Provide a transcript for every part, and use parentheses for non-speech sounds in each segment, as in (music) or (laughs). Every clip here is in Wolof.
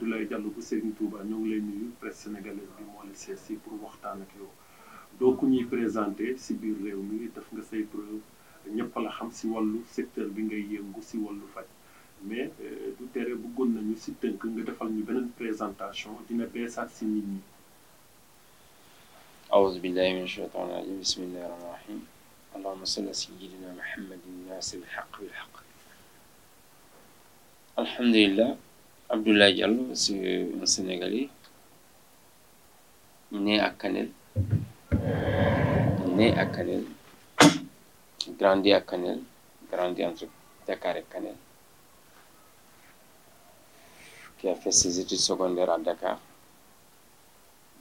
Abdoulaye Diallo bu Serigne Touba ñoo ñëw lay nuyu presse sénégalaise bi moo la seet si pour waxtaan ak yow doo ku ñuy présenté si biir réew mi def nga say preuve ñëpp la xam si wàllu secteur bi ngay yëngu si wàllu faj mais euh, du tere bëggoon nañu si tënk nga defal ñu beneen présentation dina beesaat si nit ñi aouzu billahi min shaytaan rajim bismillahi rahmaani rahim allahuma salli ala sayyidina muhammadin naasi lxaq bilxaq alhamdulillah Abdoulaye Diallo, c'est né à Canel, né à Canel, grandi à Canel, grandi entre Dakar et Canel, qui a fait ses études secondaires à Dakar,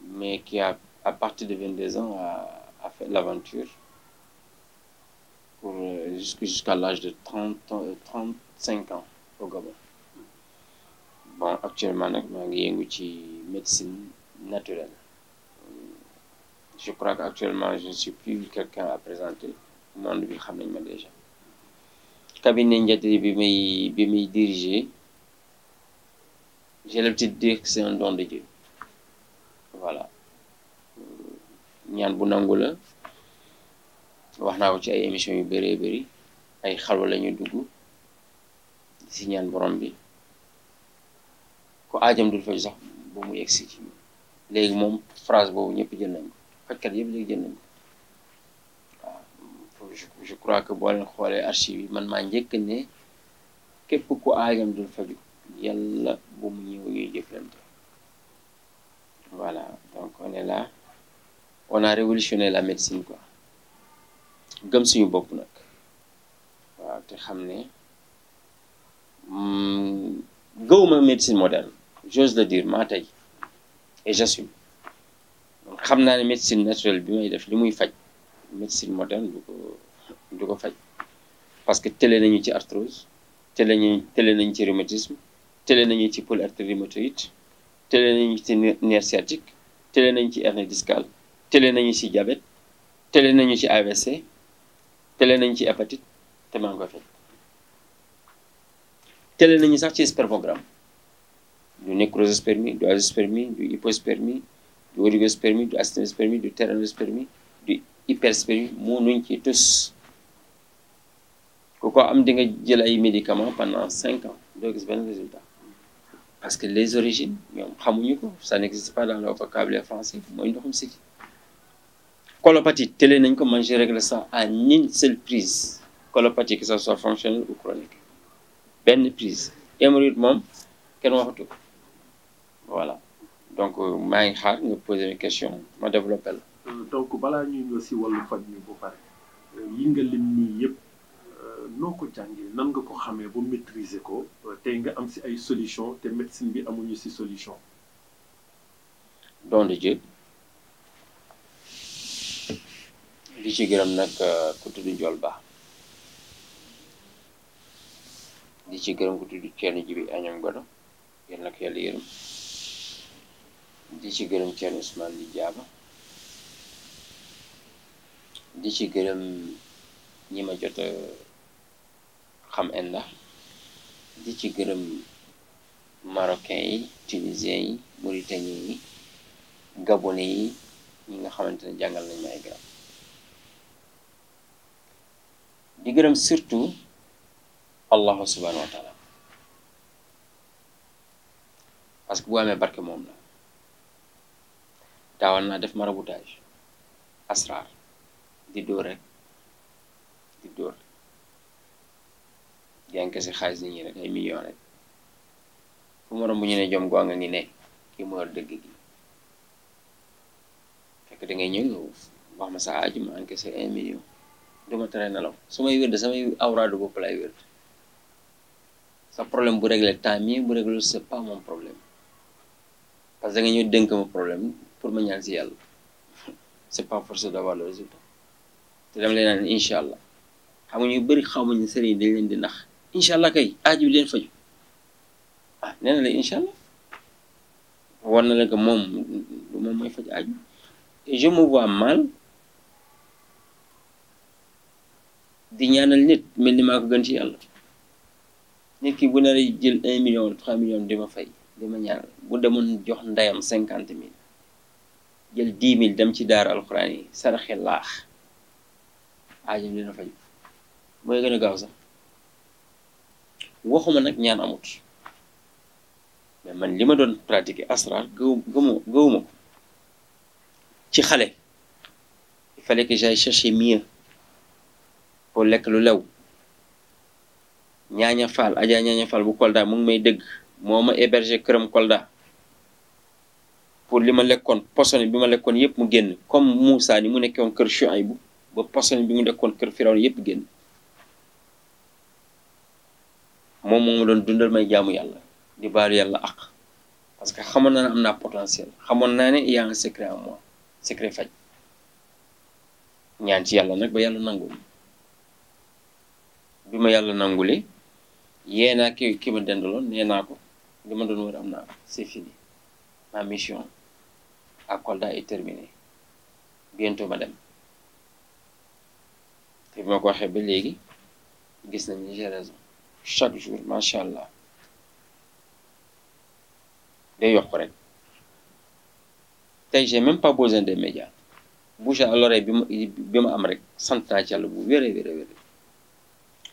mais qui, a, à partir de 22 ans, a, a fait l'aventure euh, jusqu'à l'âge de euh, ans au Gabon. bon actuellement nag maa ngi yëngu ci médecine naturelle je crois que actuellement je ne suis plus quelqu'un à présenter monde bi xam nañ ma déjà cabinet njatiri bi muy bi muy diriger j'ai l'habitude de dire que de Dieu voilà ñaan bu nangu la wax naa ko ci ay émissions yu bëree bëri ay xalwa lañu ñu dugg si ñaan borom bi ku aajam dul faju sax ba mu yegg si léegi moom phrase boobu ñëpp jël nañ fajkat yëpp léegi jël nañ ko je crois que boo leen xoolee archive yi man maa njëkk ne képp ku aajam dul faju yàlla bu mu ñëw ñuy jëflante voilà donc on est là a révolutionné la médecine quoi gëm suñu bopp nag waaw te xam ne hmm, gëwuma médecine moderne j'ose le dire maa tey et xam naa ne médecine naturelle bi may def li muy faj médecine moderne du ko du ko faj parce que télé nañu ci arthrose télé nañu télé nañu ci rhumatisme télé nañu ci polyarthrite rhumatoïde télé nañu ci nerf sciatique télé nañu ci hernie discale télé nañu ci diabète télé nañu ci AVC télé nañu ci hépatite te maa ngi koy faj télé nañu sax ci spermogramme do necrospermie do azoospermie do hipospermie do oligospermie do asténospermie do téranospermie do hyperspermie munuñ ci tus ku ko am di nga jël ay médicaments pendant cinq ans doo gis benn résultat parce que les origines ñoom xamuñu ko ça n'existe pas dans le vocabulaire français mooy ndoxum siti colopathie télé nañ ko man je règle ça en une seule prise colopathie que ça soit fonctionnelle ou chronique benn prise hémorroïde moom kenn waxatu ko voilà donc euh, maa ngi xaar nga poser une question ma développé la. Euh, donc balaa ñuy ñëw si wàllu faj ñu ba pare euh, yi nga lim nii yëpp noo ko jàngee nan nga ko xamee ba maîtriser ko tey nga am si ay solution te médecine bi amuñu si solution. don de Dieu di ci gërëm nag ku tudd Ndiol Ba di ci gërëm ku tudd Thierno Djibi Agnam Godo yéen nag yàlla yërëm. di ci gërëm Thierno Ousmane di jaaba di ci gërëm ñi ma jot a xam enda di ci gërëm marocain yi tunisien yi mauritanien yi gabonais yi ñi nga xamante ne jàngal nañ ma ay di gërëm surtout allahu subhanahu wa parce que bu amee barke moom la daawal naa def maraboutage asraar di dóor rek di dóor jànk si xaalis nit ñi rek ay million rek fu moroom mu ñu ne jom goo nga ngi ne kii moo yor dëgg gi fekk da ngay ñëw wax ma sa aaju ma encaissé un million du ma tere nelaw su may wér de samay awraadu bopp laay wér sa problème bu réglé temps mii bu réglé c'est problème parce que da nga ñëw dénk ma problème pour ma ñaan si yàlla c'est pas forcé d'avoir le résultat te dama leen naan incha allah xam nga ñu bëri xamuñu ne sëriñ dañ leen di nax incha allah kay aaju bi leen faju ah nee na la war na la moom moom mooy faj aaju et je me vois mal di ñaanal nit mel ni maa ko gën ci yàlla nit ki bu nar a jël un million trois million di fay di ma ñaanal bu demoon jox ndayam cinquante mille jël dix mille dem ci daar alxuraan yi saraxe laax aajam dina faju mooy gën a gaaw sax waxuma nag ñaan amut mais man li ma doon pratiquer asrar gëwuma gëwuma ko ci xale il fallait que chercher mieux pour lekk lu lew ñaaña faal ajaa ñaaña faal bu Kolda mu may dëgg moo ma héberger këram Kolda pour li ma lekkoon poson bi ma lekkoon yëpp mu génn comme Moussa ni mu nekkoon kër bu ba poson bi mu nekkoon kër Firawna yëpp génn moom moo doon dundal may jaamu yàlla di baalu yàlla ak parce que xamoon naa ne am naa potentiel xamoon naa ne yaa un secret en moi secret faj ñaan ci yàlla nag ba yàlla nangul bi ma yàlla nangulee yee naa ki ki ma dendaloon nee ko li doon war am naa ko c'est fini mission à Kolda est terminée bientôt madame te bi ma ko waxee ba léegi gis nañ ni j'ai raison chaque jour macha allah day yokk rek tey j'ai même pas besoin des médias bouche à l'oreille bi ma bi ma am rek sant naa bu wéree wéree wéree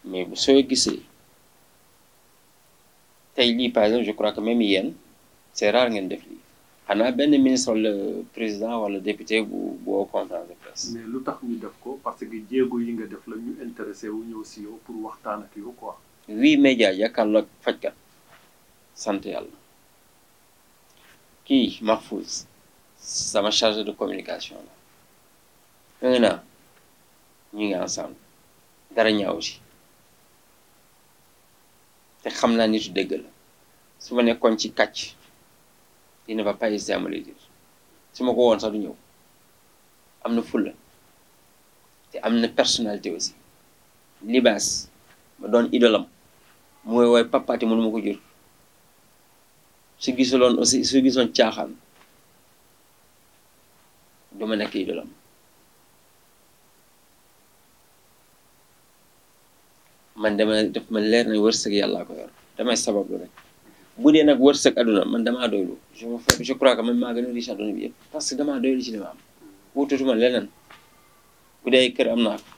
mais bu soo gisee tey lii par exemple je crois que même yéen c'est rare ngeen def lii xanaa benn ministre wala président wala député bu bu woo de presse. mais lu tax ñu def ko parce que jéego yi nga def la ñu intéressé wu ñëw si yow pour waxtaan ak ko quoi. wii média jàkkaarloo ak fajkat sant yàlla kii Mahfouz sama chargé de communication la xëy na ñu ngi ensemble dara ñaaw ci te xam naa nitu dëgg la su ma nekkoon ci kàcc. il ne va pas hésiter à me ma ko woon sax du ñëw am na fulla te am na personnalité aussi libaas ma doon idolam mooy woy papaati mënu ma ko jur su gisuloon aussi su gisoon caaxaan du ma nekk idolam man dama def ma leer na wërsëg yàllaa ko yor damay sabablu rek bu dee nag wërsëg àdduna man damaa doylu je me je crois que man maa gën a riche àdduna bi yëpp parce que damaa doylu ci li ma am wututuma leneen bu dee ay kër am naa ko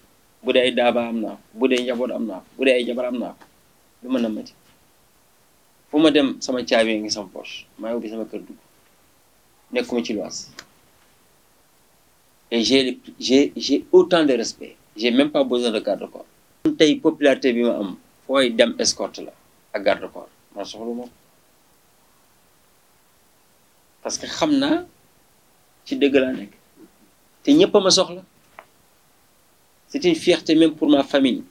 bu dee ay daaba am naa ko bu dee njaboot am naa ko bu dee ay jabar am naa ko lu mën a mati fu ma dem sama caabi ngi sama poche maa ubbi sama kër dugg nekkuma ci lois et j'ai j'ai j'ai autant de respect j'ai même pas besoin de garde corps tey popularité bi ma am fooy dem escorte la ak garde corps man soxlu ma parce que xam naa ci dëgg laa nekk te ñëpp a ma soxla c'est une fierté même pour ma famille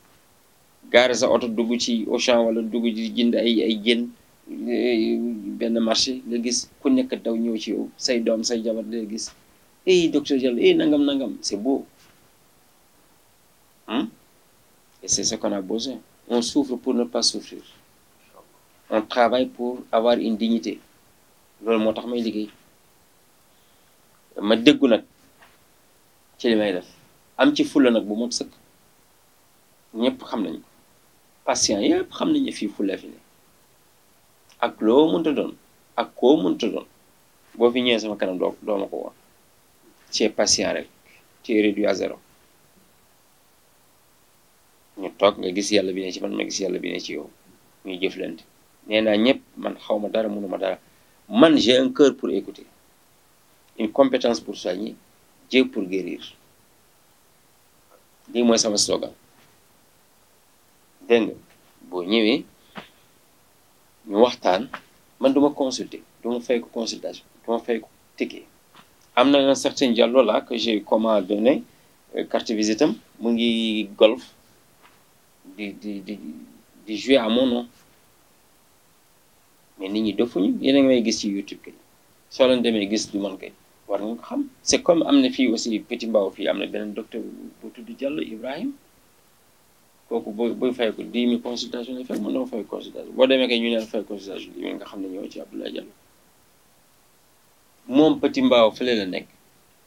gaare sa oto dugg ci Auchan wala dugg ci jënd ay ay jën eh, benn marché nga gis ku nekk daw ñëw ci yow say doom say jabar nga gis eh docteur eh, nangam nangam c'est beau hein et c'est ce qu'on a besoin on souffre pour ne pas souffrir on travaille pour avoir une dignité loolu moo tax may liggéey ma déggu nag ci li may def am ci fulla nag bu mot sëkk ñëpp xam nañ patient yëpp xam nañu fi fulla fi ne ak loo mënta doon ak ko mënta doon boo fi ñëwee sama kanam doo doo ma ci patient rek ci réduit à zéro ñu toog nga gis yàlla bi ne ci man ma gis yàlla bi ne ci yow ñuy jëflante nee naa ñëpp man xaw ma dara mënuma dara man j'ai un cœur pour écouter une compétence pour soigner Dieu pour guérir lii mooy sama slogan dégg boo ñëwee ñu waxtaan man du ma consulter du ma fay ko consultation du fay ko am na un certain Diallo là que j'ai comment donné euh, carte visite am mu ngi golf di di di di à mon mais nit ñi dofuñu yéen a ngi may gis ci YouTube kay soo leen demee gis du man kay war nga xam c'est comme am na fii aussi Petit Mbao fii am na beneen docteur bu tudd Diallo Ibrahim kooku boo booy fay ko 10 000 consultation lay fay mën na fay consultation boo demee kay ñu ne fay consultation yi nga xam ne ñoo ci Abdoulaye Diallo moom Petit Mbao fële la nekk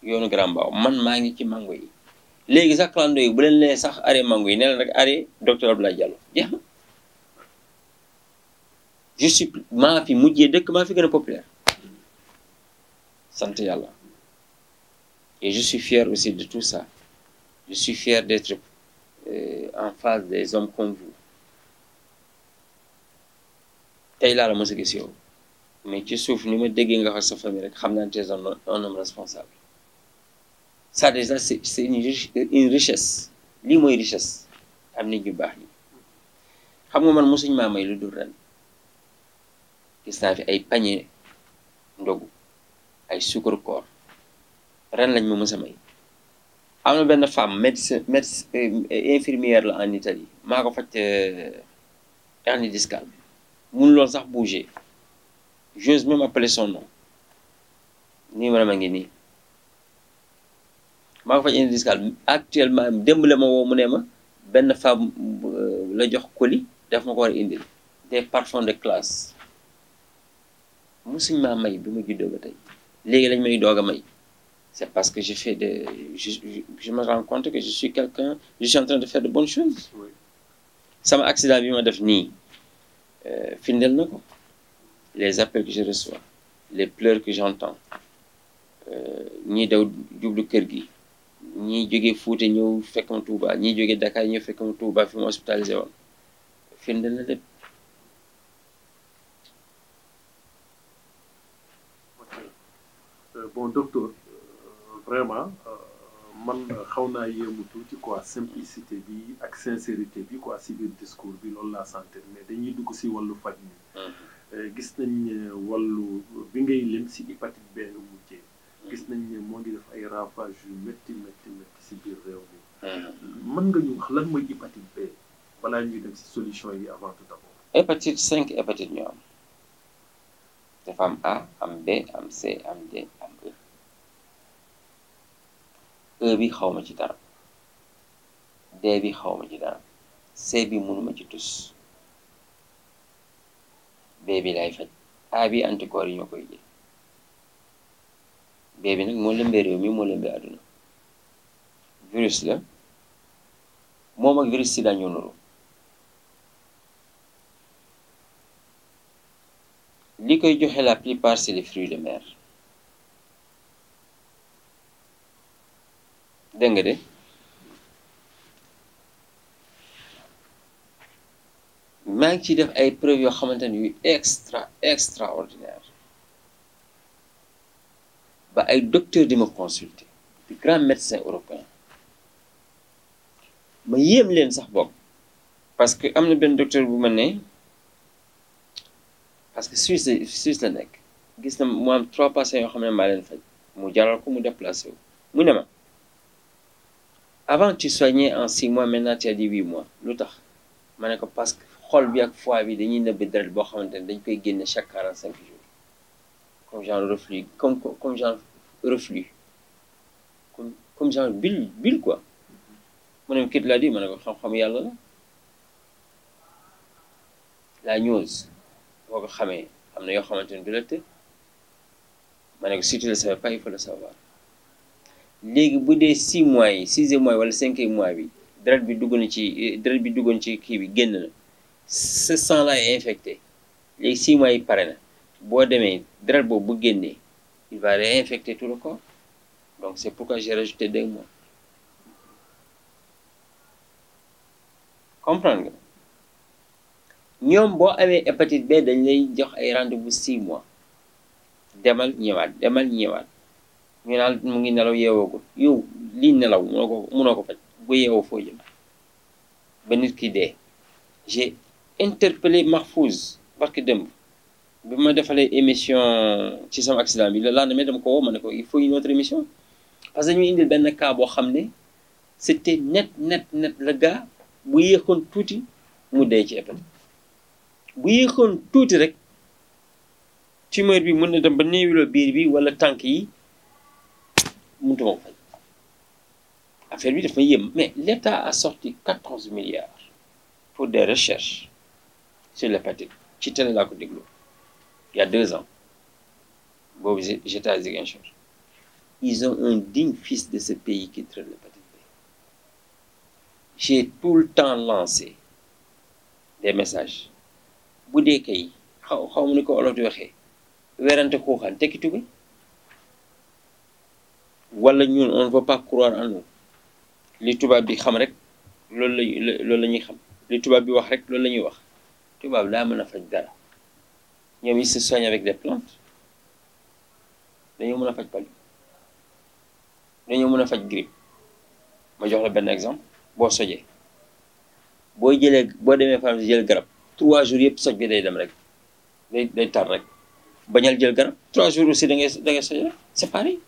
yoonu Grand Mbao man maa ngi ci mango yi léegi sax clando bu leen lee sax arrêt mango yi ne la rek arrêt docteur Abdoulaye Diallo jeex je suis maa fi mujjee dëkk maa fi gën a populaire sant yàlla et je suis fier aussi de tout ça je suis fier d'être euh, en face des hommes comme vous tey laa la mos a gis mais ci suuf ni ma déggee nga wax sa famille rek xam naa ne t'es un homme responsable ça déjà c'est c'est une richesse lii mooy richesse am nit ñu baax ñi xam nga man mosuñ maa may lu dul ren gis fi ay panier ndogu ay sukkur koor ren lañ ma mës may am na benn femme médecin euh, infirmière la en Italie maa ko faj euh, hernie discale mun loolu sax bouger j'ose même appeler son nom nii ma a ngi nii maa ko faj hernie actuellement démb la ma woo mu ne ma benn femme euh, la jox colis daf ma ko war a indil des parfums de classe musuñ maa may bi ma juddoo ba tey léegi lañ may doog a may c'est parce que je fais de je, je je me rends compte que je suis quelqu'un je suis en train de faire de bonnes choses sama accident bi ma def nii euh, findel na ko les appels que je reçois les pleurs que j'entends euh, ñii daw jublu kër gi ñii jógee Fuuta ñëw fekk ma Touba ñii jógee Dakar ñëw fekk ma Touba fi ma hospitalisé woon firndeel na lépp Euh, bon docteur euh, vraiment euh, man xaw naa yéemu tuuti quoi simplicité bi ak sincérité bi quoi si biir discours bi loolu laa sentir mais dañuy dugg si wàllu faj mi mm-hmm. gis nañ ne wàllu bi ngay lim si hépatite B nga mujjee gis nañ ne moo ngi def ay ravage yu métti métti métti si biir réew mi mm-hmm. mën nga ñu wax lan mooy hépatite B balaa ñuy dem si solution yi avant tout d'abord hépatite cinq hépatite ñu am dafa am A am B am C am D am E E bi xaw ma ci dara D bi xaw ma ci dara C bi mënuma ci tus B bi lay faj A bi anticorps yi ñoo koy jël B bi nag moo lëmbee réew mi moo lëmbee àdduna virus la moom ak virus sida ñoo nuru li koy joxe la plupart c'est les fruits de mer dégg nga de maa ngi ciy def ay preuve yoo xamante ne yu extra extraordinaire ba ay docteur di ma consulter de grands médecins européens ma yéem leen sax bokk parce que am na benn docteur bu ma ne parce que Suisse la Suisse la nekk gis na mu am trois patients yoo xam ne maa leen faj mu jaral ko mu déplacé wu mu ne ma avant tu soignais en six mois maintenant tu as dit huit mois lu tax ma ne ko parce que xol bi ak fois bi dañuy nëbbi deret boo xamante ne dañ koy génne chaque quarante cinq jours comme genre reflux comme comme genre comme comme genre bile bile quoi mu ne ma kii la di ma ne ko xam-xam yàlla la la ñose boo ko xamee am na yoo xamante ne du la ma ne ko si tu le savais pas il faut le savoir léegi bu dee 6 mois yi 6e mois wala 5e mois bi deret bi dugg na ci deret bi duggoon ci kii bi génn na ce sang là est infecté léegi 6 mois yi pare na boo demee deret boobu bu génnee il va réinfecter tout le corps donc c'est pourquoi j'ai rajouté deux mois comprendre ñoom boo amee hépatite B dañ lay jox ay rendez-vous 6 mois demal ñëwaat demal ñëwaat ñu naan mu ngi nelaw yeewoogul yow lii nelaw munoo ko munoo ko faj bu yeewoo foo jëm ba nit ki dee j'ai interpellé parce barki dëmb bi ma defalee émission ci sama accident bi le lendemain dem ko woo ma ne ko il faut une autre émission parce que ñu indil benn cas boo xam ne c'était te net net le gars bu yéexoon tuuti mu dee ci hépatite bu yéexoon tuuti rek tumeur bi mën na dem ba néewiloo biir bi wala tànk yi mënut ma ko faj affaire bi dafa yëm mais l' état a sorti quatorze milliards pour des recherches sur l'hépatite ci télé laa ko déglu il y deux ans boobu j'étais à Ziguinchor ils ont un digne fils de ce pays qui traite l'hépatite j'ai tout le temps lancé des messages bu dee kay xaw xaw ma ni ko olof di waxee werante xuuxaan tekki tubéy wala ñun on ne pas croire en li tubaab bi xam rek loolu la ñuy xam li tubaab bi wax rek loolu la ñuy wax tubaab daa mën a faj dara ñoom ils se soignent avec des plantes dañoo mën a faj palu dañoo mën a faj grippe ma jox la benn exemple boo sojee boo jëlee boo demee pharmacie jël garab trois jours yëpp soj bi day dem rek day day tar rek bañal jël garab trois jours aussi da ngay da ngay soj rek c'est pareil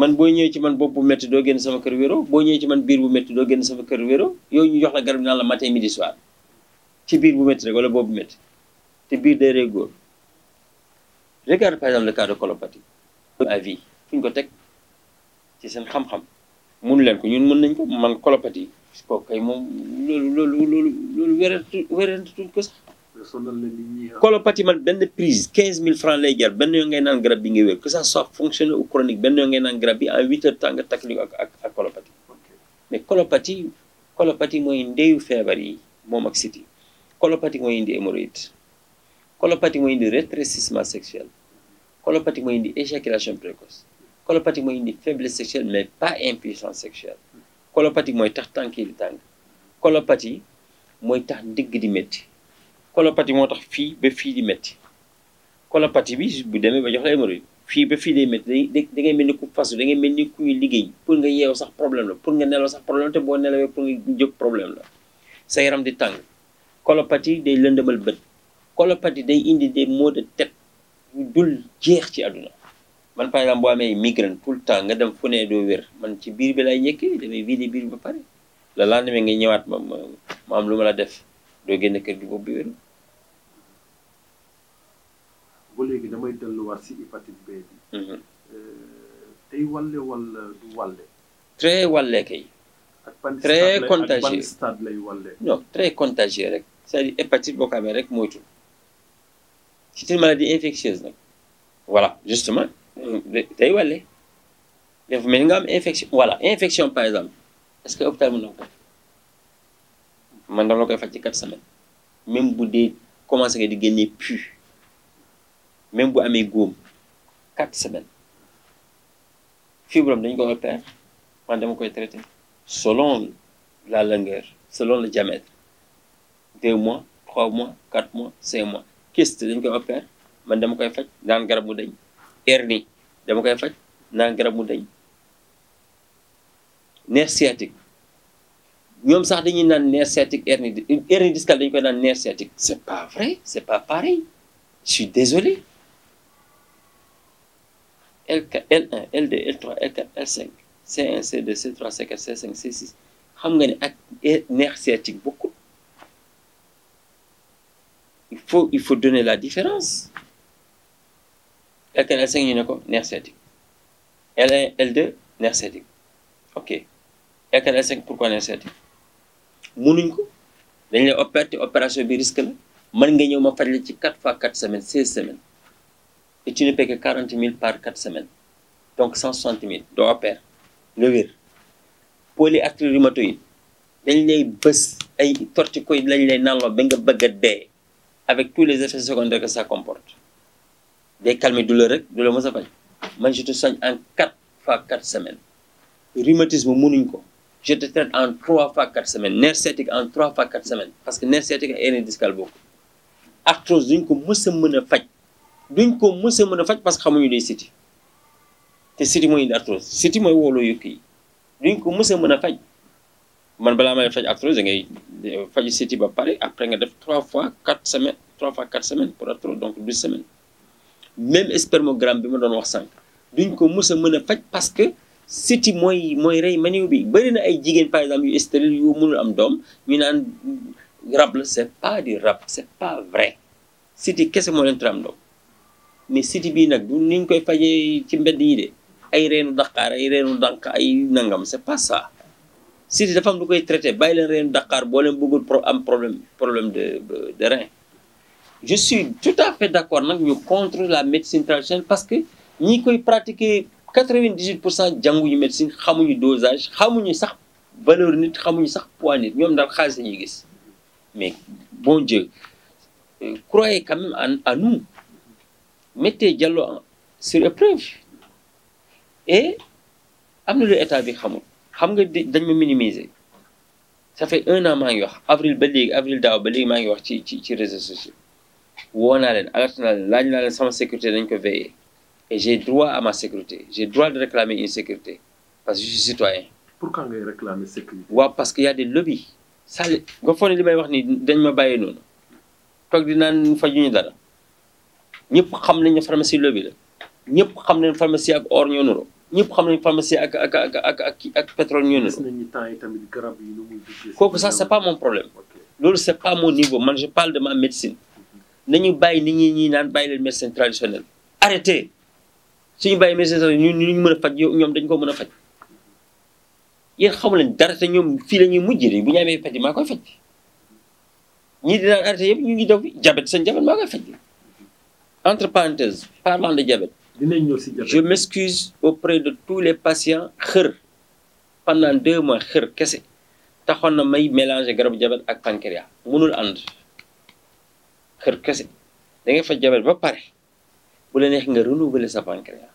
man boo ñëwee ci man bopp bu métti doo génn sama kër wéro boo ñëwee ci man biir bu métti doo génn sama kër wéro yow ñu jox la garab naa la matin midi soir ci biir bu métti rek wala boobu métti te biir day rey góor regarde par exemple le cas de fu ñu ko teg ci seen xam-xam mënu leen ko ñun mën nañ ko man colopathie kooku kay loolu loolu loolu loolu wérante wérante tuñ ko sax. sonal na nit ñi ah. colopathie man benn prise 15000 francs lay jar benn yoo ngay naan garab bi nga wér que ça soit fonctionnel ou chronique benn yoo naan garab en 8 heures temps nga takk ak ak ak colopathie. mais colopathie colopathie mooy ndeyu feebar yi moom ak siti colopathie mooy indi hémorroïde colopathie mooy indi rétrécissement sexuel colopathie mooy indi éjaculation précoce colopathie mooy indi faiblesse sexuelle mais pas impuissance sexuelle. colopathie mooy tax tànk yi di tàng colopathie mooy tax ndigg di métti colopathie moo tax fii ba fii di métti colopathie bi bu demee ba jox la hémorroïde fii ba fii day métti day da ngay mel ni ku fasu da ngay mel ni kuy liggéey pour nga yeew sax problème la pour nga nelaw sax problème te boo nelawee pour nga jóg problème la sa yaram di tàng colopathie day lëndëmal bët colopathie day indi des moo de tête dul jeex ci àdduna man par exemple boo amee migraine tout le temps nga dem fu ne doo wér man ci biir bi lay njëkkee damay vidé biir ba pare le lendemain nga ñëwaat ma ma am lu ma la def doo génn kër gi boobu bi wér. ba léegi damay delluwaat si hépatite B bi. Mhm. Euh, tey wàlle wala du wàlle. très wàlle kay. ak ban très contagieux ak contagieux rek c'est-à-dire boo ko amee rek moytu c'est une maladie infectieuse nag voilà justement. tey wàlle dafa mel nga am infection voilà infection par exemple est-ce que hôpital mën na ko man dama koy faj ci quatre semaines même bu dee commencé nga di génnee pu même bu amee góom quatre semaine fibrome dañ ko opérer man dama koy traité selon la longueur selon le diamètre deux mois trois mois quatre mois cinq mois kyste dañ koy opérer man dama koy faj daan garab mu dañ hernie dama koy faj naan garab mu dañ nerf sciatique ñoom sax dañuy naan nerf sciatique hernie hernie discale dañu koy naan nerf sciatique c'est pas vrai c'est pas pareil je suis désolé L4 L1 L2 L3 L4 L5 C1 C2 C3 C4 c xam nga ne ak nerf sciatique bokkul il faut il faut donner la différence L1 l ñu ne ko nerf sciatique L1 L2 nerf sciatique ok L4 L5 pourquoi nerf sciatique ko dañ lay opérer te opération bi risque la mën nga ñëw ma faj la ci 4 fois 4 semaines 16 semaines et tu ne paies que 40 000 par 4 semaines donc 160 000 doo opérer nga wér polyarthrite rhumatoïde dañ lay bës ay corticoïdes lañ lay nalloo ba nga bëgg a dee avec tous les effets secondaires que comporte day calmer douleur rek du la mës a faj man je te soigne en quatre fois quatre semaines rhumatisme mënuñ ko je te traite en trois fois quatre semaine nerf sciatique en trois fois quatre semaine parce que nerf sciatique ak hernie discale bokk arthrose duñ ko mës a mën a faj duñ ko mës mën a faj parce que xamuñu day siti te siti mooy indi arthrose siti mooy wooloo yokk yi duñ ko mës mën a faj man balaa may faj arthrose da ngay faj siti ba pare après nga def trois fois quatre semaines trois fois quatre semaines pour arthrose donc même spermogramme bi ma doon wax sànq duñ ko mës a mën a faj parce que siti mooy mooy rey maniou bi bëri na ay jigéen par exemple yu stérile yu mënul am doom ñu naan rab la c'est pas du rab c'est pas vrai siti kese moo leen tram doom mais siti bii nag du koy fajee ci mbedd yi de ay reenu daqaar ay reenu dànk ay nangam c'est pas ça siti dafa am lu koy traité bàyyi leen reenu daqaar boo leen bëggul am problème problème de de rein je suis tout à fait d'accord nag ñu contre la médecine traditionnelle parce que ñi koy pratiquer quatre-vingt-dix-huit pour cent jànguñu médecine xamuñu dosage xamuñu sax valeur nit xamuñu sax poids nit ñoom daal xaalis la ñuy gis mais bon Dieu euh, croyez quand même en à nous mettez sur épreuve et am na lu état bi xamul xam nga dañ ma minimiser ça fait un an maa ngi wax avril ba léegi avril daaw ba léegi maa ngi wax ci ci ci réseaux sociaux woo naa leen alerte na leen laaj naa leen sama sécurité dañ ko veiller et j'ai droit à ma sécurité j'ai droit de réclamer une sécurité parce que je suis citoyen. pourquoi ngay réclamer parce que y a des lobbies. li may wax nii dañ ma bàyyi noonu toog fa ju fajuñu dara ñëpp xam nañ ñu pharmacie lobby la ñëpp xam nañ pharmacie ak or ñoo nuroo ñëpp xam nañ pharmacie ak ak ak ak ak ak pétrole ñoo nuroo. gis nañ ni yi tamit garab yi kooku ça c'est pas mon problème. loolu c'est pas mon niveau man je parle de ma médecine. nañu bàyyi nit ñu ñi naan bàyyi leen médecin traditionnel arrêté suñu bàyyi médecin traditionnel ñu ñu mën a faj ñoom dañ ko mën a faj yéen xamu leen dara te ñoom fii la ñuy mujj de bu ñu amee faj maa koy faj ñii di daan arrêté yëpp ñu ngi daw fi diabète seen diabète maa koy faj entre parenthèses parlant de diabète dinañ ñëw si diabète je m'excuse près de tous les patients xër pendant deux mois xër kese taxoon na may mélanger garabu diabète ak pancréas mënul ànd kër kese da nga faj jabet ba pare bu la neex nga renouveler sa pancréas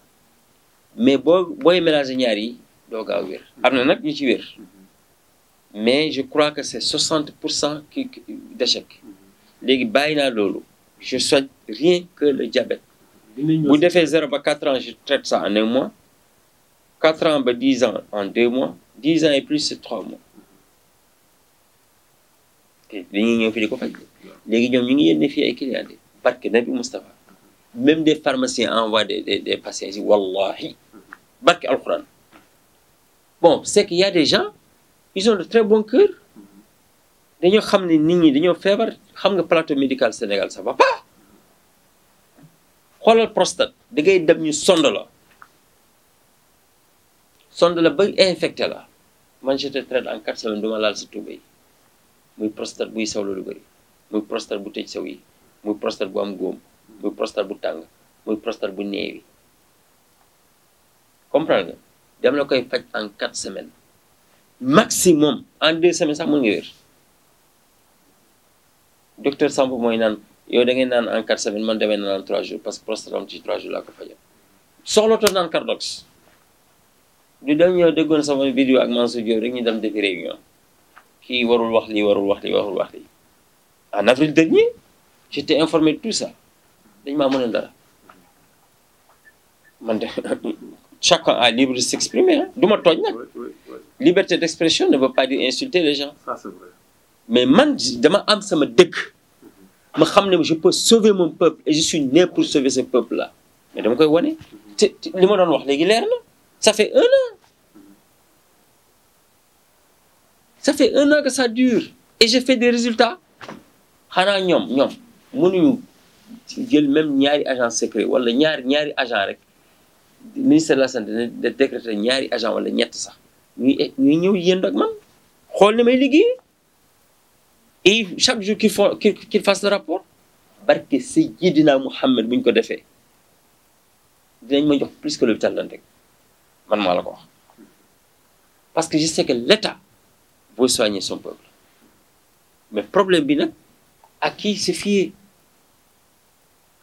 mais boo booy mélanger ñaar yi doo gaaw wér am na nag ñi ci wér mais je crois que c'est soixante pour cent qui d'échec léegi bàyyi naa loolu je soigne rien que le diabète bu defee zéro ba quatre ans je traite cent en un mois quatre ans ba dix ans en deux mois dix ans et plus c'est trois mois te dañuy léegi ñoom ñu ngi yéene fii ay clients barke nabi Moustapha même des pharmaciens envoient des des des patients yi wallahi barke alquran bon c'est qu'il y a des gens ils de très bon cœur dañoo xam ne nit ñi dañoo feebar xam nga plateau médical Sénégal ça va pas xoolal prostate da ngay dem ñu sonde la sonde la ba infecté la man je te traite en quatre semaines du ma laal sa tubéy muy prostate buy sawlu lu bëri muy prostate bu tëj saw yi muy prostate bu am góom muy prostate bu tàng muy prostate bu néewi comprendre dem na koy faj en quatre semaines maximum en deux semaines sax mun nga wér docteur Samb mooy naan yow da ngeen naan en quatre semaines man demee naan en trois jours parce que prostate am ci trois jours laa ko fajal soxlatoo naan cardox du dem ñoo déggoon sama vidéo ak Mansour Diop rek ñu dem defi réunion kii warul wax lii warul wax lii warul wax lii en avril dernier j'étais informé de tout ça dañ ma mën a dara man de (laughs) chacun a libre de s'exprimer ah du ma tooñ nag liberté d'expression ne veut pas dire insulter les gens ça mais man dama am sama dëkk ma xam ne je peux sauver mon peuple et je suis né pour sauver ce peuple là mais dama koy wane te li ma doon wax léegi leer na ça un an ça fait un an que ça dure et j'ai fait des résultats xanaa ñoom ñoom mënuñu jël même ñaari agent secret wala ñaari ñaari agent rek ministère de la santé de décréter ñaari agent walla ñett sax ñuy ñëw yéendo ak man xool ni may liggéey et chaque jour qu'il faut qu'il fasse le rapport barke Seydina Mouhamed bu ñu ko defee dinañ ma jox plus que l'hôpital Dantec man maa la ko parce que je sais que l'État veut soigner son peuple mais problème bi nag à qui se fier.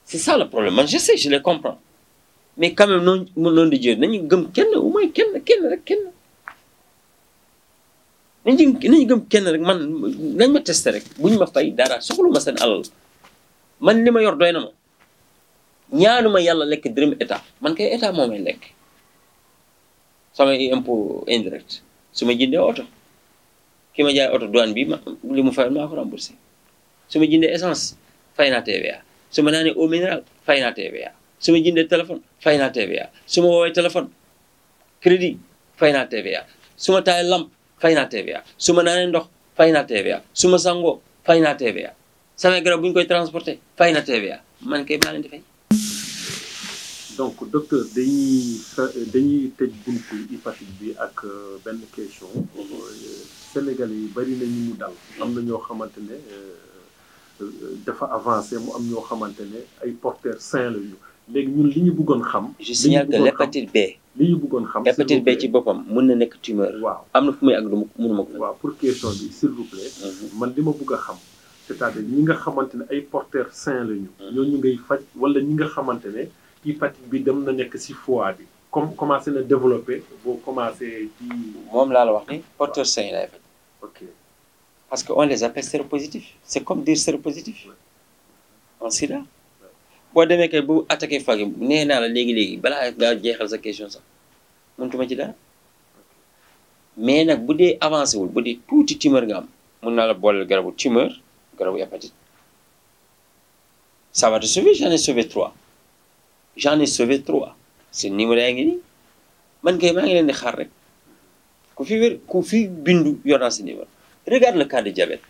si ça le problème man je sais je le comprends mais quand même noonu noonu di jël nañu gëm kenn au moins kenn kenn rek kenn nañu nañu gëm kenn rek man nañ ma tester rek bu buñ ma fay dara soxlu ma seen alal man li ma yor doy na ma ñaanu ma yàlla lekk dërëm état man kay état moo may lekk samay impôt indirect su ma jëndee oto ki ma jaay oto douane bi ma li mu fayal maa ko remboursé su ma jëndee essence fay naa TVA su ma naanee eau minérale fay naa TVA su ma jëndee téléphone fay naa TVA su ma woowee téléphone crédit fay naa TVA su ma taayee lamp fay naa TVA su ma naanee ndox fay naa TVA su ma sangoo fay naa TVA samay garab bu ñu koy transporté fay naa TVA man kay maa leen fay. donc dañuy dañuy tëj buntu hépatique bi ak euh, benn question euh, sénégalais yi bari na mu dal am na ñoo xamante euh, dafa avancé mu am ñoo xamante ne ay porteurs sains la ñu léegi ñun li ñu buggoon xam. je signale que l'hépatite B. li ñu buggoon xam hépatite be ci boppam mën na nekk tumeur. waaw am na fu muy ak lu mënuma ko. waaw pour question bi s'il vous plaît. Mm-hmm. man li ma bëgg a xam. c'est-à-dire ñi nga xamante ne ay porteurs sains la ñu. Mm-hmm. ñooñu ngay faj wala ñi nga xamante ne hépatite bi dem na nekk ci foie bi. comme commencé na développer boo commencé ci. moom laa la wax ni porteur sain lay faj. Parce que qu'on les appelle séropositifs. C'est comme dire séropositif. en sida. boo demee kay bu attaqué fag yi nee naa la léegi-léegi bala ngaa jeexal sa question sax mënutuma ci dara mais nag bu dee avancé wul bu dee tuuti tumeur nga am mun naa la booleel garabu tumeur garabu hépatite ça va te sauver j'en ai trois j'en ai trois seen numéro yaa ngi nii man kay maa ngi leen di xaar rek ku fi wér ku fi bindu yor si numéro Regarde le cas de Diabète.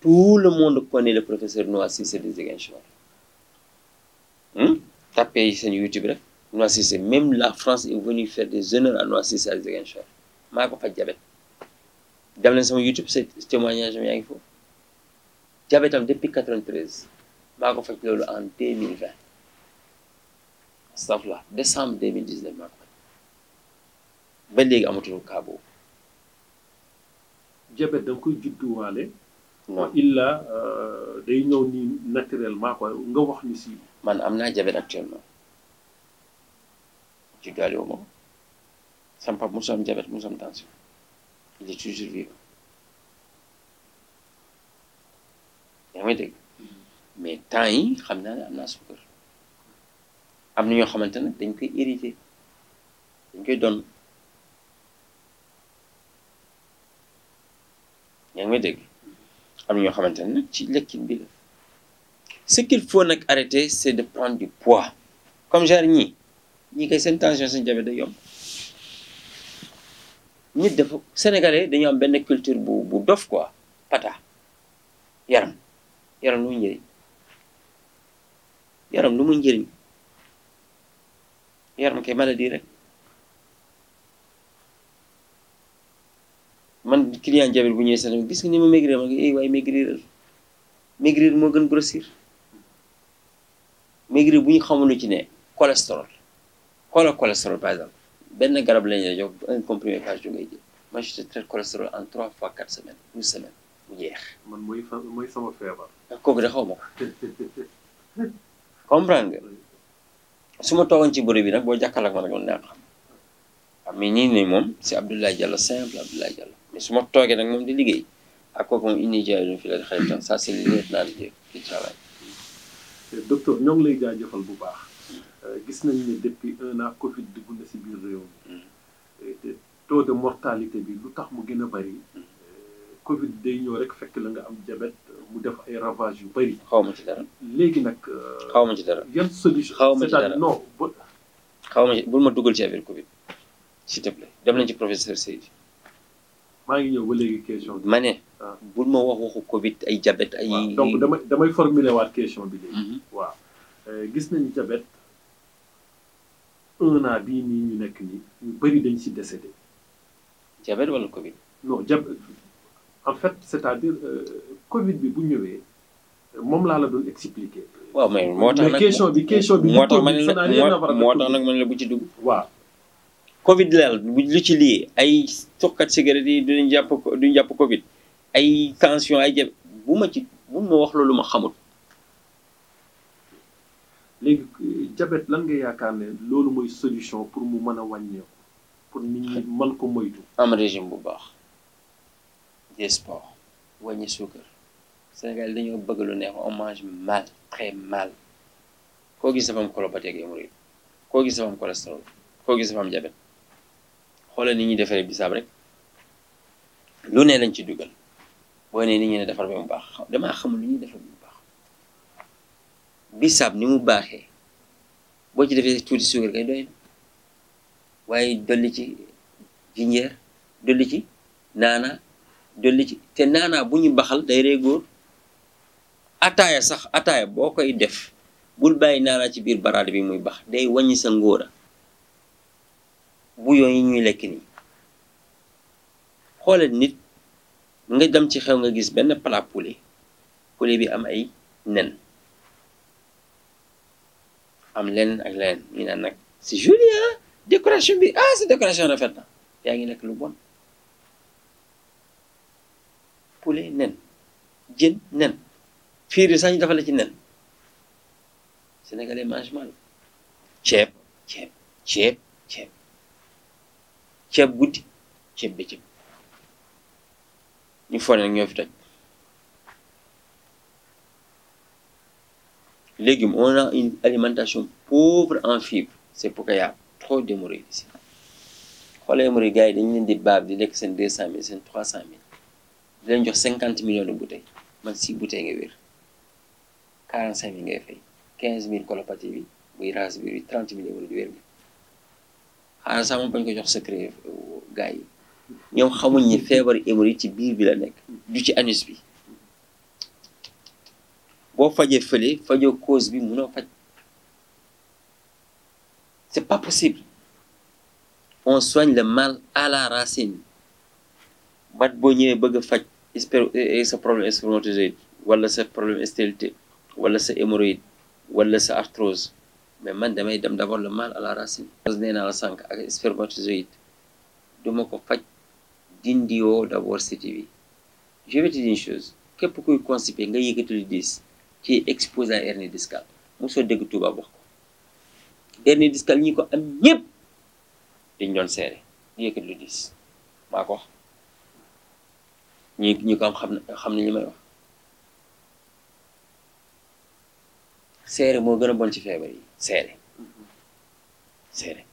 Tout le monde connaît le professeur Noah Cissé de Ziguinchor. Hmm? Tapez YouTube, bref. Noah Cissé, même la France est venue faire des honneurs à Noah Cissé à Ziguinchor. maa ko faj Diabète. dem leen sama YouTube c'est témoignage am yaa ngi foofu. Diabète am depuis 93 maa ko faj loolu en 2020. astafurlah décembre 2019 maa ko faj ba léegi amatul cas jabet da nga koy judduwaale. non illa euh, day ñëw ni naturellement quoi nga wax ni si. man am naa jabet actuellement judduwaale wu ma ko sama papa jabet musu tension il est toujours vivant yaa ngi dégg mm-hmm. mais temps yi xam naa ne am naa suukar am na ñoo xamante ne dañ koy irrité dañ koy donn yaa ngi may dégg am ñoo xamante ne ci lekkin bi la ce qu'il faut nag arrêter c'est de prendre du poids comme genre ñi ñii kay seen tension seen diabète day yomb nit dafa sénégalais am benn culture bu bu dof quoi pata yaram yaram lu mu njëriñ yaram lu mu njëriñ yaram kay maladie rek man client jabir bu ñëwee sax gis nga ni ma eh maigrir moo gën grossir maigrir bu ñu xamul lu ci ne cholestérol xoola cholestérol par exemple benn garab lañ la jox un comprimé par jour ngay ah, xaw (laughs) ma ko comprendre ci bërëb bi nag boo jàkkaarloo ak man rek man naa xam. mais ñii ne moom c'est Abdoulaye Diallo simple Abdoulaye Diallo mais su ma toogee nag moom di liggéey ak kooku moom indi jaay ñu fi la xëy na ça c'est le lieutenant de du travail. docteur ñoo ngi lay jaajëfal bu baax gis nañ ne depuis un eh, an Covid dugg na si biir réew mi mm. eh, eh, te taux de mortalité bi lu tax mu gën a bëri Covid day ñëw rek fekk la nga am diabète mu def ay ravages yu bëri. xaw ma ci dara léegi nag. xaw ma ci dara yan solution. xaw ma ci dara xaw ma ci bul ma dugal ci affaire Covid s'il te plaît dem nañ ci professeur Seydi. maa ngi ñëw ba léegi question bi. ma ne. Ah. bul ma wax waxu Covid ay diabète ay. donc damay damay formuler waat question bi léegi. Mhm. waaw eh, gis nañu diabète un an bii nii ñu nekk nii ñu bëri dañ ci décédé. diabète wala Covid. non diab en fait c'est-à-dire euh, Covid bi bu ñëwee moom laa la doon expliquer. waaw mais moo tax nag mais bi moo tax ma ne la moo nag ma la bu ci waa Covid laal lu ci lii ay tokkat cigarette yi duñu jàpp duñu jàpp Covid ay tension ay jab bu ma ci bu ma wax loolu ma xamul. léegi jabet lan nga yaakaar ne loolu mooy solution pour mu mën a wàññeeku pour nit ñi mën ko moytu. am régime bu baax des sports wàññi suukar Sénégal dañoo bëgg lu neex on mange mal très mal koo gis dafa am colopathie ak hémorroïde koo gis dafa am cholestérol koo gis dafa am jabet. xoolal ni ñuy defaree bisaab rek lu ne lañ ci dugal boo nee ni ñu ne defar ba mu baax dama xamul lu ñuy defar ba mu baax bisaab ni mu baaxee boo ci defee tuuti suukar kay doy waaye dolli ci jinjeer dolli ci naana dolli ci te naana bu ñu baxal day ree góor ataaya sax ataaya boo koy def bul bàyyi naana ci biir baraade bi muy bax day wàññi sa ngóora bouillon yooyu ñuy lekk nii xoole nit nga dem ci xew nga gis benn plat poulet poulet bi am ay nen am leneen ak leneen ñu naan nag c'est joli décoration bi ah sa décoration rafet na yaa ngi lekk lu bon poulet nen jën nen fiir yi sax ñu dafa la ci nen sénégalais mange ceeb ceeb ceeb ceeb ceeb guddi ceeb bëccëg ñu foog ne nag ñoo fi toj légumes on alimentation pauvre en fibres c'est pourquoi y a trop d'hémorroïdes ici xoolee hémorroïdes gars yi dañu leen di baab di lekk seen deux cent mille seen trois cent mille di leen jox cinquante millions de bouteilles man si bouteille nga wér quarante cinq mille ngay fay quinze mille colopathie bi buy raas bi trente mille wala wér bi xaaral sax moom bañ ko jox secret gars yi ñoom xamuñ ni feebar hémorroïde ci biir bi la nekk du ci anus bi boo fajee fële fajoo cause bi mënoo faj c'est pas possible on soigne le mal à la racine bat boo ñëwee bëgg faj eh, sa problème spermatozoïde wala sa problème stérilité wala sa hémorroïde wala sa arthrose mais man damay dem d'abord le mal à la racine. parce que sànq ak spermatozoïde du ma ko faj dindiwoo d'abord cité bi je vais te dire chose képp kuy constipé nga yëkkati lu diis ci exposé à hernie discale mosoo dégg tubaab wax ko hernie discale ñi ko am ñëpp dañ doon seere ñu yëkkati lu diis maa ko ñi ñi ko am xam na xam nañ seere moo gën a bon ci feebar yi seere mm-hmm. seere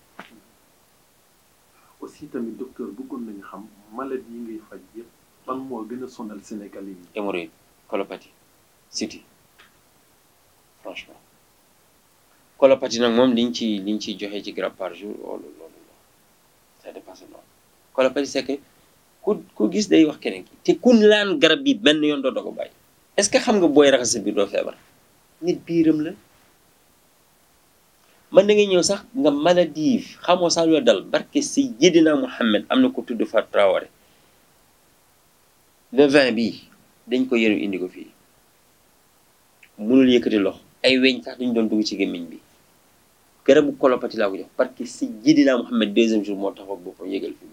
mm-hmm. aussi xam maladie yi ngay faj yëpp ban moo gën a sonal Sénégal yi. hémorroïde colopathie city franchement colopathie nag moom liñ ci liñ ciy joxe ci garab par jour oh, loolu loolu ça dépasse loolu colopathie c'est que ku ku gis day wax keneen ki te kun garab bi benn yoon doo doo ko bàyyi est-ce que xam nga booy raxas sa biir doo feebar. nit biiram la man na ngay ñëw sax nga Maldives xamoo sax loo dal barke Seydina Mohamed am na ko tudd Fat Traoré le vin bii dañ ko yëru indi ko fii mënul yëkkati lox ay weñ sax dañu doon dugg ci gémmiñ bi garabu kolopati laa ko jox barke Seydina Mohamed deuxième jour moo taxaw boppam yëgal fi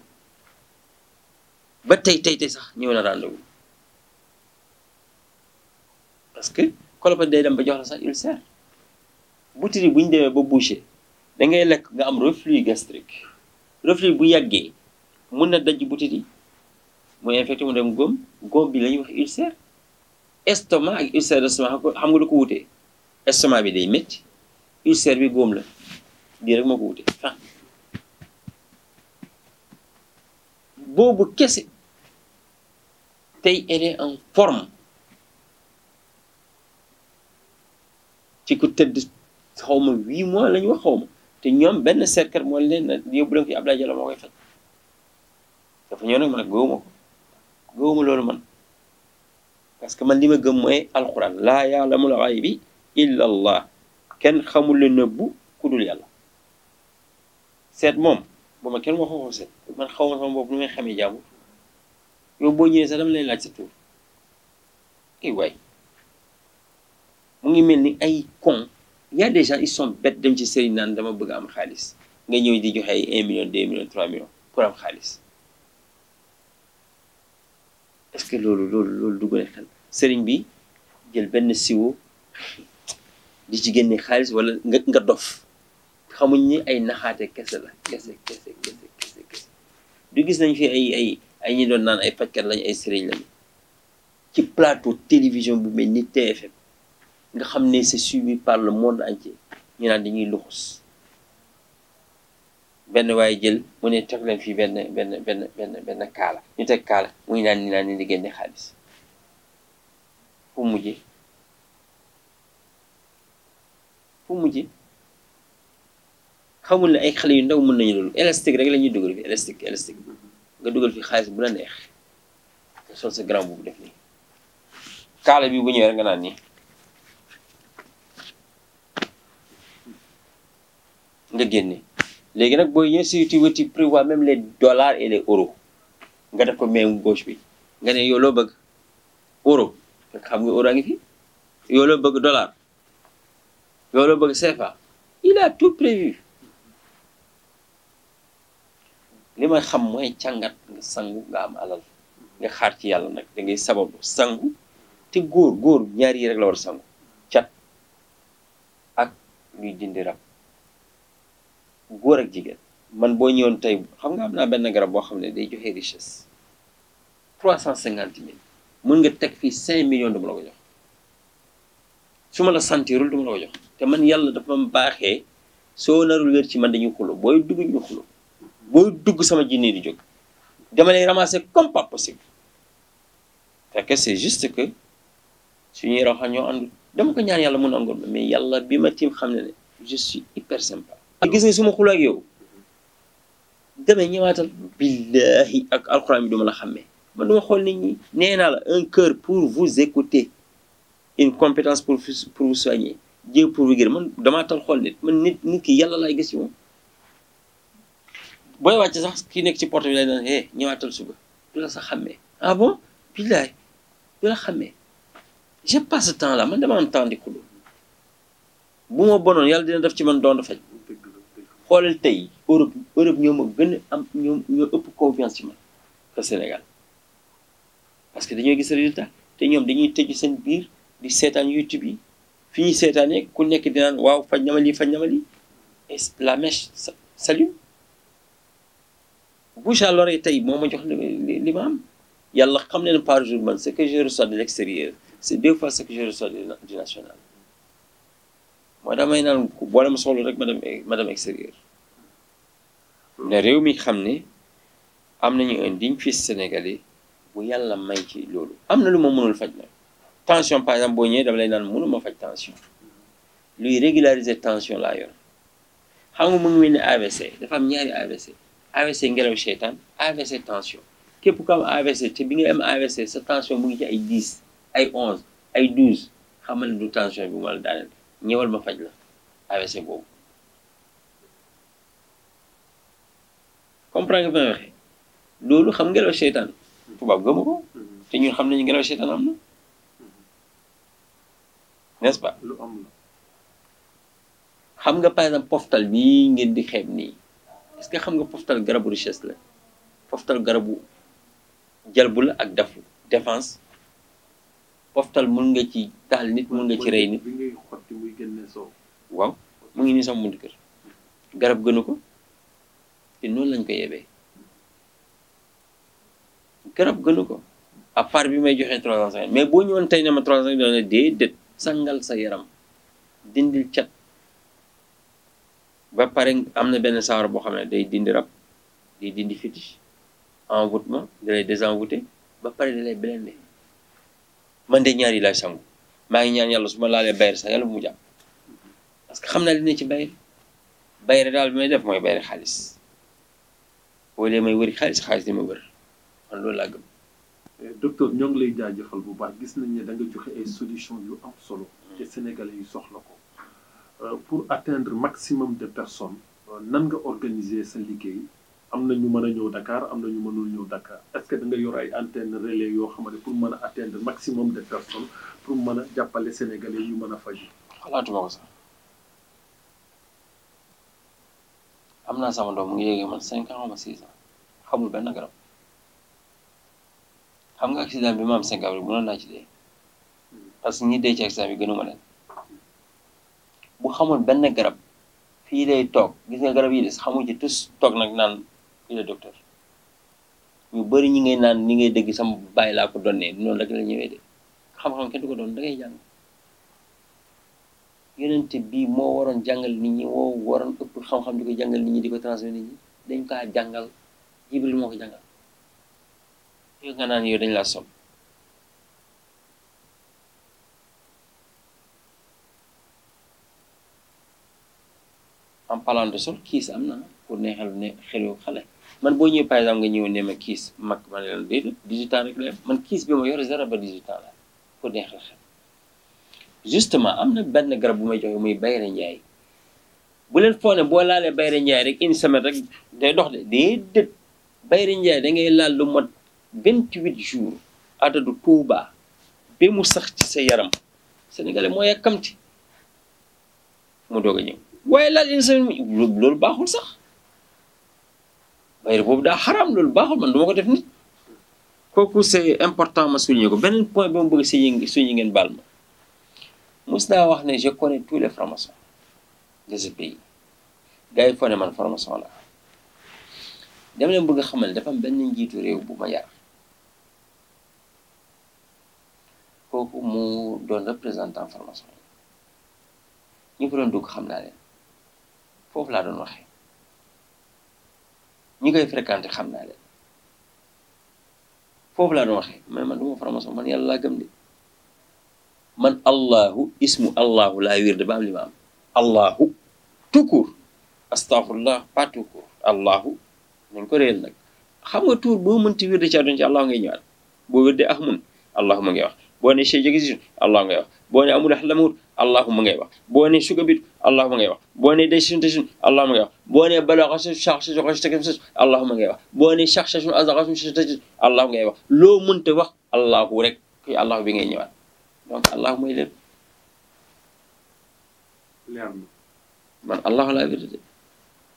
ba tey tey tey sax ñëw na rendez-vous parce que colopati day dem ba jox la sax ulcère butit bu ñu demee ba bouché da ngay lekk nga am reflux gastrique reflux bu yàggee mun na daj butit yi mooy infecté mu dem góom góom bi la ñuy wax ulcère estomac ak ulcère d'estomac xam nga du ko wutee estomac bi day métti ulcère bi góom la bii rek moo ko wutee boobu kese tey elle en forme ci ku tëdd xaw ma huit mois la wax xaw te ñoom benn cercle moo leen yóbbu leen ko ci Abdoulaye Diallo moo koy faj dafa ñëw nag man gëwuma ko gëwuma loolu man parce que man li ma gëm mooy alquran laa yaalamul ghaybi illa allah kenn xamul la nëbbu ku dul yàlla seet moom bu ma kenn waxoo ko man xaw ma sama bopp nu may xamee jàmm yow boo ñëwee sax dama lay laaj sa tur i waay mu ngi mel ni ay con y a des gens ils sont dem ci sëriñ naan dama bëgg am xaalis nga ñëw di joxe ay 1 million 2 million 3 million pour am xaalis est-ce que loolu loolu du dugg na xel sëriñ bi jël benn siwo di ci génne xaalis wala nga nga dof xamuñ ni ay naxaate kese la kese kese kese kese du gis nañ fi ay ay ay ñi doon naan ay fajkat lañ ay sëriñ lañu ci plateau télévision bu mel ni TFM nga xam ni c'est bi par le monde entier ñu naan dañuy luxus benn waaye jël mu ne teg leen fii benn benn benn benn kaala ñu teg kaala muy naan ni naan ni di génne xaalis fu mujje fu mujje xamul ay xale yu ndaw mën nañu loolu élastique rek lañuy dugal fi élastique élastique nga dugal fi xaalis bu la neex sol sa grand boobu def nii kaala bi bu ñëwee rek nga naan nii nga génne léegi nag booy yee si tu veux tu prévois même les dollars et nga def ko main gauche bi nga ne yow loo bëgg euro xam nga euro a ngi fi yow bëgg dollar yow bëgg CFA il tout prévu li xam mooy càngat nga sangu nga am alal nga xaar ci yàlla nag da ngay sangu te góor góor ñaar yi rek la war sangu cat ak luy dindi rab góor ak jigéen man boo ñëwoon tey xam nga am naa benn garab boo xam ne day joxe richesse trois cent cinquante mille mën nga teg fii cinq millions du la ko jox su ma la sentirul duma ma la ko jox te man yàlla dafa ma baaxee soo narul wér ci man dañu xulo booy dugg ñu xulo dugg sama jinne di jog dama lay ramasser comme pas possible fekk c'est juste que suñuy raw xam ñoo àndul dama ko ñaan yàlla mun a ngoon mais yàlla bi ma tiim xam ne ne je suis hyper sympa gis nga su ma xuloo ak yow demee ñëwaatal billahi ak alxuraan bi duma la xàmmee man duma xool nit ñi nee naa la un cœur pour vous écouter une compétence pour pour vous soigner Dieu pour vous guérir man damaa tal xool nit man nit nit ki yàlla laay gis ci moom booy wàcc sax kii nekk ci porte bi lay doon eh ñëwaatal suba du la sax xàmmee ah bon billahi du la xàmmee j'ai pas temps la man dama am temps di xuloo bu bonoon yàlla dina def ci man doon faj xoolal tey Europe Europe ñoom ma gën am ñoo ñoo ëpp confiance ci man que Sénégal parce que dañoo gis résultat te ñoom dañuy tëj seen biir di seetaan YouTube yi fi ñuy seetaanee ku nekk dinaan waaw faj na ma lii faj na et la mèche s'allume bouche à l'oreille tey moo ma jox li ma am yàlla xam ne par jour man ce que je reçois de l'extérieur c'est deux fois ce que je reçois du national mooy damay naan boo dem soxla rek ma dem e-, ma dem extérieur ne réew mi xam ne am nañu un digne fils sénégalais bu yàlla may ci loolu am na lu ma mënul faj nag tension par exemple boo ñëwee dama lay naan mënu ma faj tension luy régulariser tension laa yor xam nga mu ngi mel ni AVC dafa am ñaari AVC AVC ngelaw seytaan AVC tension képp ku am AVC te bi nga am AVC sa tension mu ngi ci ay 10 ay 11 ay 12 xamal ne du tension bi mu la ñëwal ma faj la AVC boobu comprendre nga fi may loolu xam ngelaw seytaan tubaab gëmu mm-hmm. te ñun xam nañu ngelaw seytaan am na mm-hmm. nest pas xam nga par exemple poftal bii ngeen di xeeb nii parce que xam nga poftal garabu richesse la poftal garabu jalbu la ak dafu défense xoftal mën nga ci taal nit mën nga ci rey nit waaw mu ngi nii sama buntu kër garab gënu ko te noonu lañ ko yebee garab gënu ko à part bi may joxee trois cent mais boo ñëwoon tey ne ma trois cent cinquante déedéet sangal sa yaram dindil cat ba pare am na benn saawar boo xam ne day dindi rab day dindi fétiche envoûtement da lay désenvoûter ba pare da lay man de ñaar yi laay sangu maa ngi ñaan yàlla su ma laalee bayre sax yàlla mu jàpp parce que xam naa li ne ci bayre bayre daal bi may def mooy bayre xaalis boo lee may wëri xaalis xaalis di ma wër man loolu laa gëm eh, docteur ñoo ngi lay jaajëfal bu baax gis nañ ne da nga joxe ay solution yu am solo te sénégalais yu soxla ko euh, pour atteindre maximum de personnes euh, nan nga organiser sa liggéey am na ñu mën a ñëw Dakar am na ñu mënul ñëw Dakar est ce que da yor ay antenne relais yoo xam ne pour mën a atteindre maximum de personnes pour mën a jàppale sénégalais yu mën a faju xalaatuma ko sax naa sama doom mu ngi xamul benn garab nga accident bi ma am cinq avril mënoon naa ci dee parce que ñi garab fii lay toog gis nga garab yi des xamu ci toog nag naan il est docteur ñu bëri ñi ngay naan ni ngay dégg sama bàyyi laa ko donnee noonu la ñëwee de xam-xam kenn du ko doon da ngay jàng yonente bii moo waroon jàngal nit ñi moo waroon ëpp xam-xam di ko jàngal nit ñi di ko transmettre nit ñi dañ ka jàngal Jibril moo ko jàngal yow naan yow dañ la sol en parlant sol kiis am na pour neexal ne xelu xale man boo ñëwee par exemple nga ñëw ne ma kiis mag ma ne la déedéet 18 rek la man kiis bi ma yore 0 ba 18 ans la pour neex la xel justement am na benn garab bu may joxe muy bayre njaay bu leen foog ne boo laalee bayre njaay rek une semaine rek day dox de déedéet bayre njaay dangay ngay laal lu mot 28 jours adadu tuuba ba mu sax ci sa yaram sénégalais moo yàkkamti mu doog a ñëw waaye laal une loolu baaxul sax. waaye boobu daa xaraam loolu baaxul man du ko def nit kooku c'est important ma souligner ko beneen point ba mu bëgg si suñu ngeen baal ma mos naa wax ne je connais tous les francs-maçons de ce pays gars yi ne man franc-maçon la dama leen bëgg a xamal dafa am benn njiitu réew bu ma yar kooku mu doon représentant franc-maçon ñu fa doon dugg xam naa leen foofu laa doon waxee ñi koy fréquenté xam naa leen foofu laa doon waxee man man du ma franc-maçon man yàlla laa gëm de man allahu ismu allahu laa wér de ba am li ma am allahu tout court astaghfirullah pas tout allahu nañ ko réel nag xam nga tuur boo mënti wér de ca àdduna ci allahu ngay ñëwaat boo wér de ahmun ma ngay wax boo ne chey jegi si allah ngay wax boo ne amul ax lamawut allahuma ngay wax boo nee suka bit allahuma ngay wax boo nee day sun te sun allahuma ngay wax boo nee baloo xasu sax sasu xasu takim sasu allahuma ngay wax boo nee sax sasun asa xasu sasu takim allahuma ngay wax loo mënta wax allahu rek kuy allahu bi ngay ñëwaat donc allahu mooy lépp man allahu laa vérité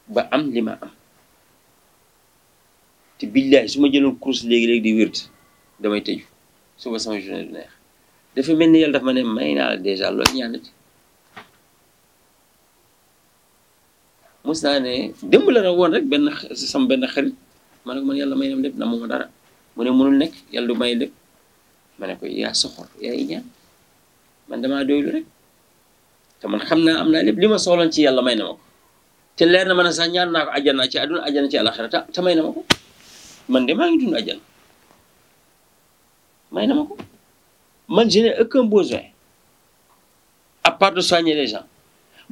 ba am li ma am te billahi su ma jëloon course léegi-léegi di wérte damay tëju suba sama journée du neex dafa mel ni yàlla dafa ma ne may naa la dèjà loolu ñaanati mos na woon rek benn sam benn xarit ma ne ko yàlla may nam lépp na mooma dara mu ne mënul nekk yàlla du ma ne ko yaa doylu rek te man xam na am naa lépp li ma soxloon ci yàlla may na ma ko te leer na ma ne sax ñaan naa ko ajjana ci àdduna ajjana ci àlaxira te may na man de maa ngi dund ajjana may man je n'ai aucun besoin part de soigner les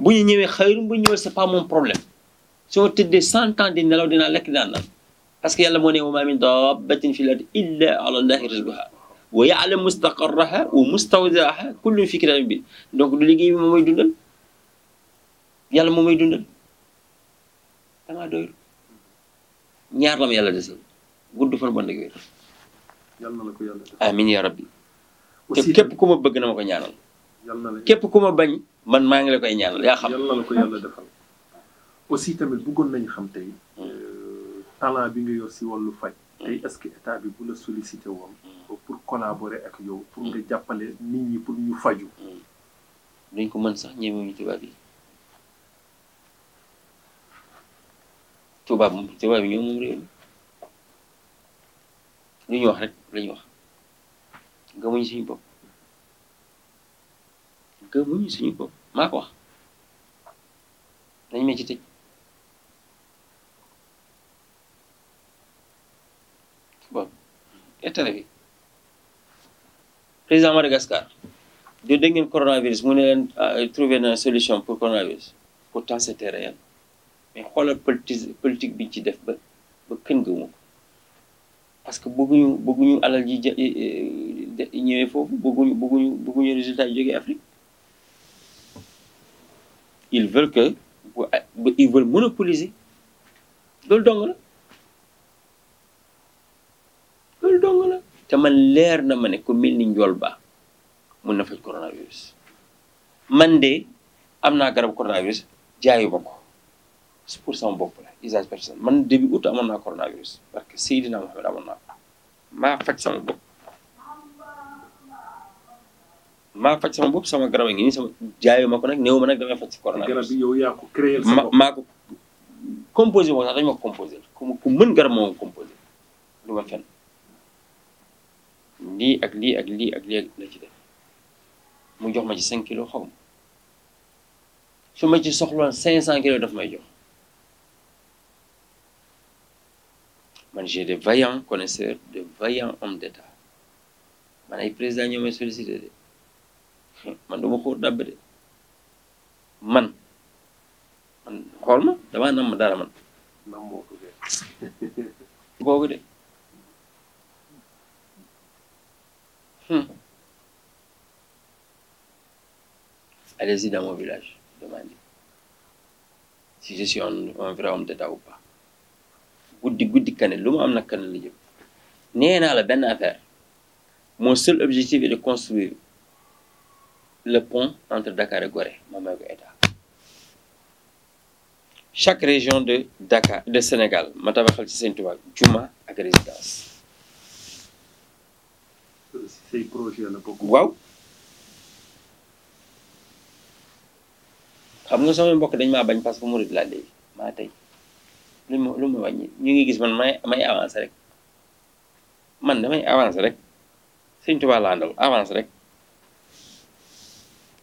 bu ñu ñëwee xayrum bu ñu c'est pas mon problème su ma tëddee cent ans di nelaw dinaa lekk daan naan parce que yàlla moo ne wa min dabbatin fil illa ala allahi rizquha wa mustaqarraha wa mustawdaaha kullun fi kitaabin bi donc du liggéey bi moom mooy dundal yàlla moom mooy dundal damaa doyul ñaar la ma gudd fan bon dëgg wér. te képp ku ma bëgg na ma ko ñaanal. képp ku bañ man maa ngi la koy ñaanal yaa xam. yàlla la ko yàlla defal aussi tamit bëggoon nañu xam tey hmm. euh, talent bi nga yor si wàllu faj. Hmm. tey est-ce état bi bu la sollicité woon. Hmm. pour collaborer ak yow. pour nga jàppale nit ñi pour ñu faju. dañ ko mën sax ñemewuñu tubaab yi. tubaab moom tubaab yi ñoom moom réew mi lu wax rek la wax. gëmuñu suñu bopp si suñu bopp maa ko wax nañ ci tëj bon état bi président Madagascar do dégg ngeen coronavirus mu ne leen ah, trouver solution pour coronavirus pourtant c'était réel mais xoolal politique politique bi ñu ci def ba ba kenn gëmu parce que bëgguñu bëgguñu alal ji eh, eh, ñëwee foofu bëgguñu bëgguñu bëgguñu résultat yi jógee Afrique ils veulent que ah, ils veulent monopoliser loolu dong la loolu dong la te man leer na ma ne ko mel ni njool ba mun na faj coronavirus man de am naa garab coronavirus jaayu ma ko c'est pour sama bopp la usage personnel man début août amoon naa coronavirus parce que Seydina Mohamed amoon naa faj sama bopp maa sama bopp sama garab a ngi nii jaayoo ma ko nag néew ma nag damay faj si coronavirus garab bi yow yaa ko créé composé moo tax ma ko composé ku mën garab moo ma composé lu ma fenn lii ak lii ak lii ak lii la ci def mu jox ma ci 5 kilos xaw ma su ma ci soxloon 500 kilos daf may jox man j'ai des vaillants connaisseurs de vaillants hommes d'État man ay président ñoo may sollicité de man duma ko dàbb de man man ma damaa nam ma dara man nam moo ko (laughs) boobu de hmm. allez-y village demandez si je suis vrai homme d'État ou pas guddi guddi Kanel lu mu am na Kanel la jëm nee naa la benn affaire mon seul objectif est de construire le pont entre Dakar et Gorée may ko état chaque région de Dakar de Sénégal ma tabaxal ci Sëñ Tuubaa juma ak résidence. waaw. xam nga sama mbokk dañ maa bañ parce que murid laa léegi maa tey. lu mu lu mu wàññi ñu ngi gis man may may avancé rek man damay avancé rek Sëñ Tuubaa laa àndal avancé rek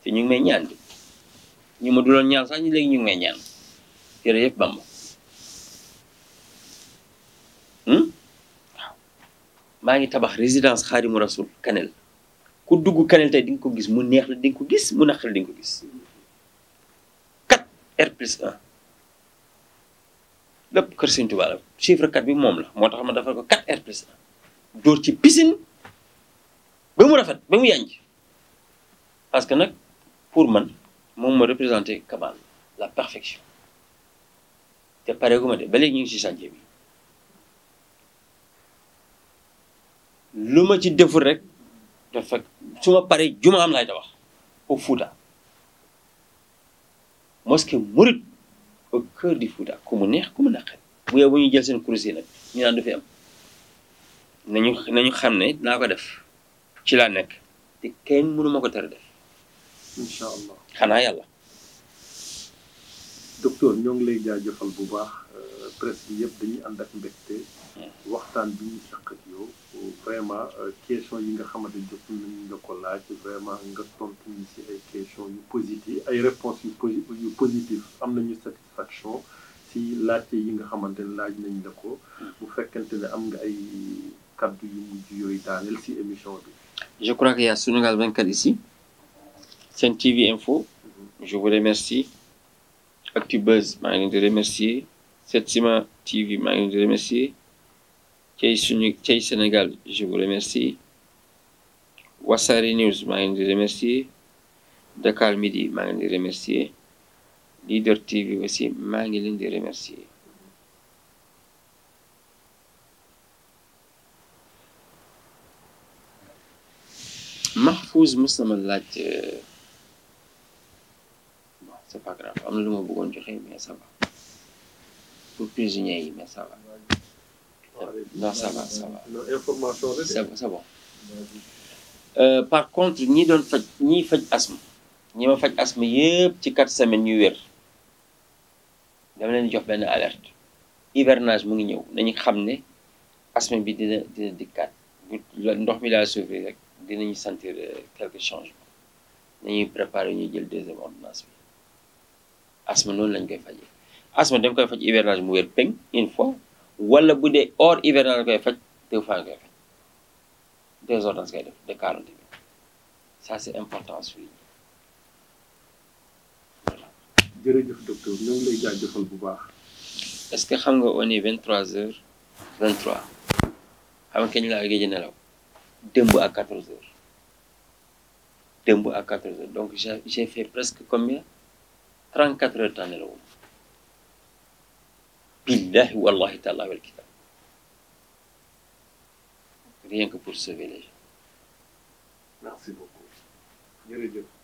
te ñu ngi may ñaan di ñu ma duloon ñaan sax ñu léegi ñu ngi may ñaan yëpp Bamba hmm? waaw maa ngi tabax résidence Xaadimu Rasul Kanel ku dugg Kanel tey di nga ko gis mu neex la di nga ko gis mu naqar la di nga ko gis 4 R plus lépp kër Sëñ Tuubaa la chiffre 4 bi moom la moo tax ma defal ko 4R plus la dóor ci pisin ba mu rafet ba mu yànj parce que nag pour man moom ma représenté Kabane la perfection te pare gu ma de ba léegi ñu ngi si chantier bi lu ma ci deful rek dafa su ma paree juma am laay tabax au Fouta mosquée au cœur du Fouta ku mu neex ku mu naqari bu yow jël seen kurus yi ñu naan du fi am nañu nañu xam ne naa ko def ci laa nekk te kenn mënu ko tere def incha allah docteur ñoo ngi lay jaajëfal bu baax euh, presse bi yëpp dañuy ànd ak mbégte waxtaan bi ñu saq yow vraiment euh, question yi nga xamante jot nañu nga ko laaj vraiment nga tontu ñu si ay question yu positive ay réponses yu yu positive am nañu satisfaction si laajte yi nga xamante ne laaj nañ la ko mm. bu fekkente ne am nga ay kaddu yu mujj yooyu daaneel si émission bi je crois qu'il y a Sunugal 24 ici Sen TV Info mm-hmm. je vous remercie Actubuzz maa ngi leen di remercier Setsima TV maa ngi leen di remercier cey suñu cey Sénégal je News maa ngi leen di remercier Dakar Midi maa ngi leen di remercier Leader TV aussi maa ngi leen di remercier laaj euh, c'est pas grave am lu ma bëggoon joxe mais ça va pour prisonniers yi mais par contre ñi doon faj ñiy faj asthme ñi ma faj asthme yëpp ci quatre semaines yu wér dama leen jox benn alerte hivernage mu ngi ñëw nañu xam ne asthme bi dina dina dikkaat ndox mi laa souffrir rek dinañu sentir euh, quelque changement nañuy préparer ñu jël deuxième ordonnance asma noonu lañ koy fajee asma dañ koy faj hivernage mu wér peng une fois wala bu dee or hivernage koy faj deux fois koy faj deux ordonnances koy def de quarante minutes ça c'est important suñu. voilà. jërëjëf docteur bu baax. est-ce que xam nga on vingt trois heures vingt trois xam nga kañ nelaw démb à quatorze heures démb à quatorze heures donc j'ai j'ai fait presque combien. 34 heures temps nelawuma billahi wallahi taala wal kitab rien que pour sauver les gens merci beaucoup jërëjëf